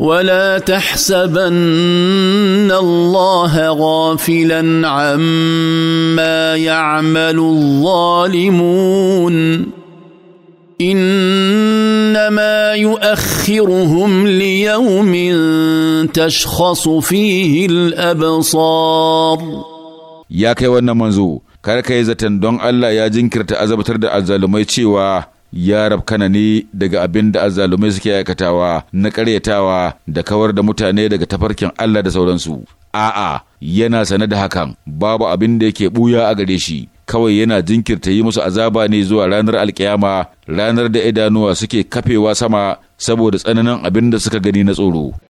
ولا تحسبن الله غافلا عما يعمل الظالمون انما يؤخرهم ليوم تشخص فيه الابصار يا كي wannan manzo kar ka yi zaton don Allah ya jinkirta azabtar da azzalumai cewa ya rabkana ne daga abin da azzalumai suke aikatawa na karyatawa da kawar da mutane daga tafarkin Allah da sauransu. A'a, yana sane da hakan, babu abin da yake buya a gare shi, kawai yana jinkirta yi musu azaba ne zuwa ranar alkiyama, ranar da idanuwa suke kafewa sama saboda tsananin abin da suka gani na tsoro.